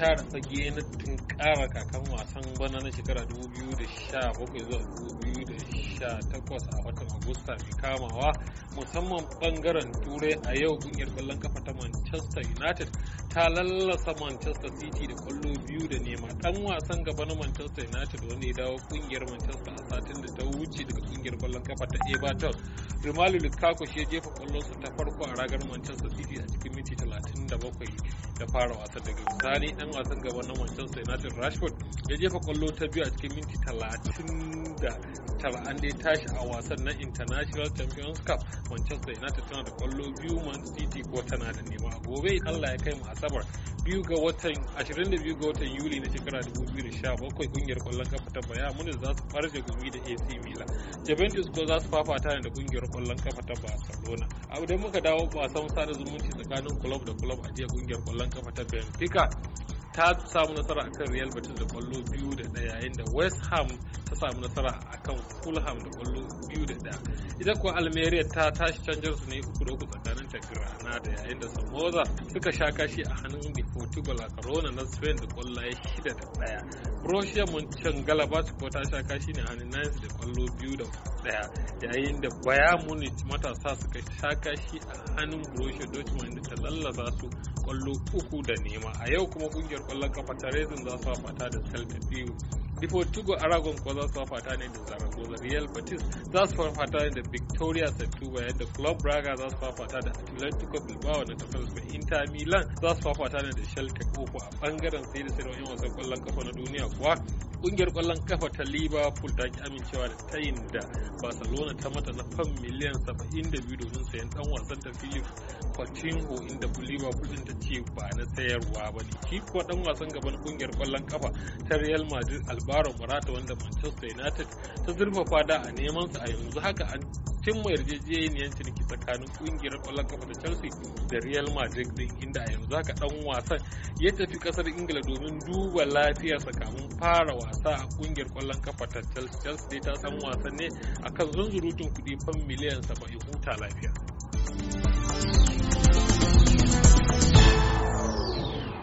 share fage na tunkara kakan wasan bana na shekara 2017 zuwa 2018 a watan agusta mai kamawa musamman bangaren turai a yau kungiyar kwallon kafa ta manchester united ta lallasa manchester city da kwallo biyu da nema dan wasan gaba na manchester united wanda ya dawo kungiyar manchester a satin da ta wuce daga kungiyar kwallon kafa ta everton romelu lukaku shi ya jefa kwallonsa ta farko a ragar manchester city minti 37 da fara wasan daga bisani dan wasan gaban nan wancan united rashford ya jefa kwallo ta biyu a cikin minti 30 da tara an dai tashi a wasan na international champions cup manchester united tana da kwallo biyu man city ko tana da nema gobe allah ya kai mu asabar biyu ga watan 22 ga watan yuli na shekara 2017 kungiyar kwallon kafa ta baya munis za su farje gumi da ac milan juventus ko za su fafata ne da kungiyar kwallon kafa ta barcelona abu dai muka dawo wasan sada zumunci tsakanin club da club a jiya kungiyar kwallon kafa ta benfica ta samu nasara akan Real Betis da kwallo biyu da ɗaya yayin da West Ham ta samu nasara a kan fulham da kwallo biyu da daya ita kuwa almeria ta tashi canjar su ne uku da uku tsakanin na da yayin da samoza suka sha kashi a hannun da portugal a corona na spain da kwallaye shida da daya galaba su ko ta sha kashi ne a hannun nines da kwallo biyu da daya yayin da bayan munich matasa suka sha kashi a hannun borussia dortmund da ta lallasa su kwallo uku da nema a yau kuma kungiyar kwallon kafa ta racing za su fata da celtic Diportivo Aragon kuwa za su fafata ne da Zaragoza Real Betis za su fafata ne da Victoria Setuba yadda Club Braga za su fafata da Atletico Bilbao na tafiyar da Inter Milan za su fafata ne da Celtic Oku a bangaren sai da sai wasan kwallon kafa na duniya kuwa kungiyar kwallon kafa ta liverpool ta ki amincewa da tayin da barcelona ta mata na fam miliyan 72 domin sayan dan wasan ta philip Coutinho inda liverpool din ta ce ba na sayarwa ba ne shi kuwa dan wasan gaban kungiyar kwallon kafa ta real madrid albaro morata wanda manchester united ta zurfafa da a neman sa a yanzu haka an mai yarjejeniyar ciniki tsakanin kungiyar kwallon kafa da chelsea da real madrid din inda a yanzu haka dan wasan ya tafi kasar ingila domin duba lafiyarsa kafin fara wasa a kungiyar kwallon kafa ta chelsea chelsea dai ta san wasan ne akan zunzurutun kudi fan miliyan 70 huta lafiya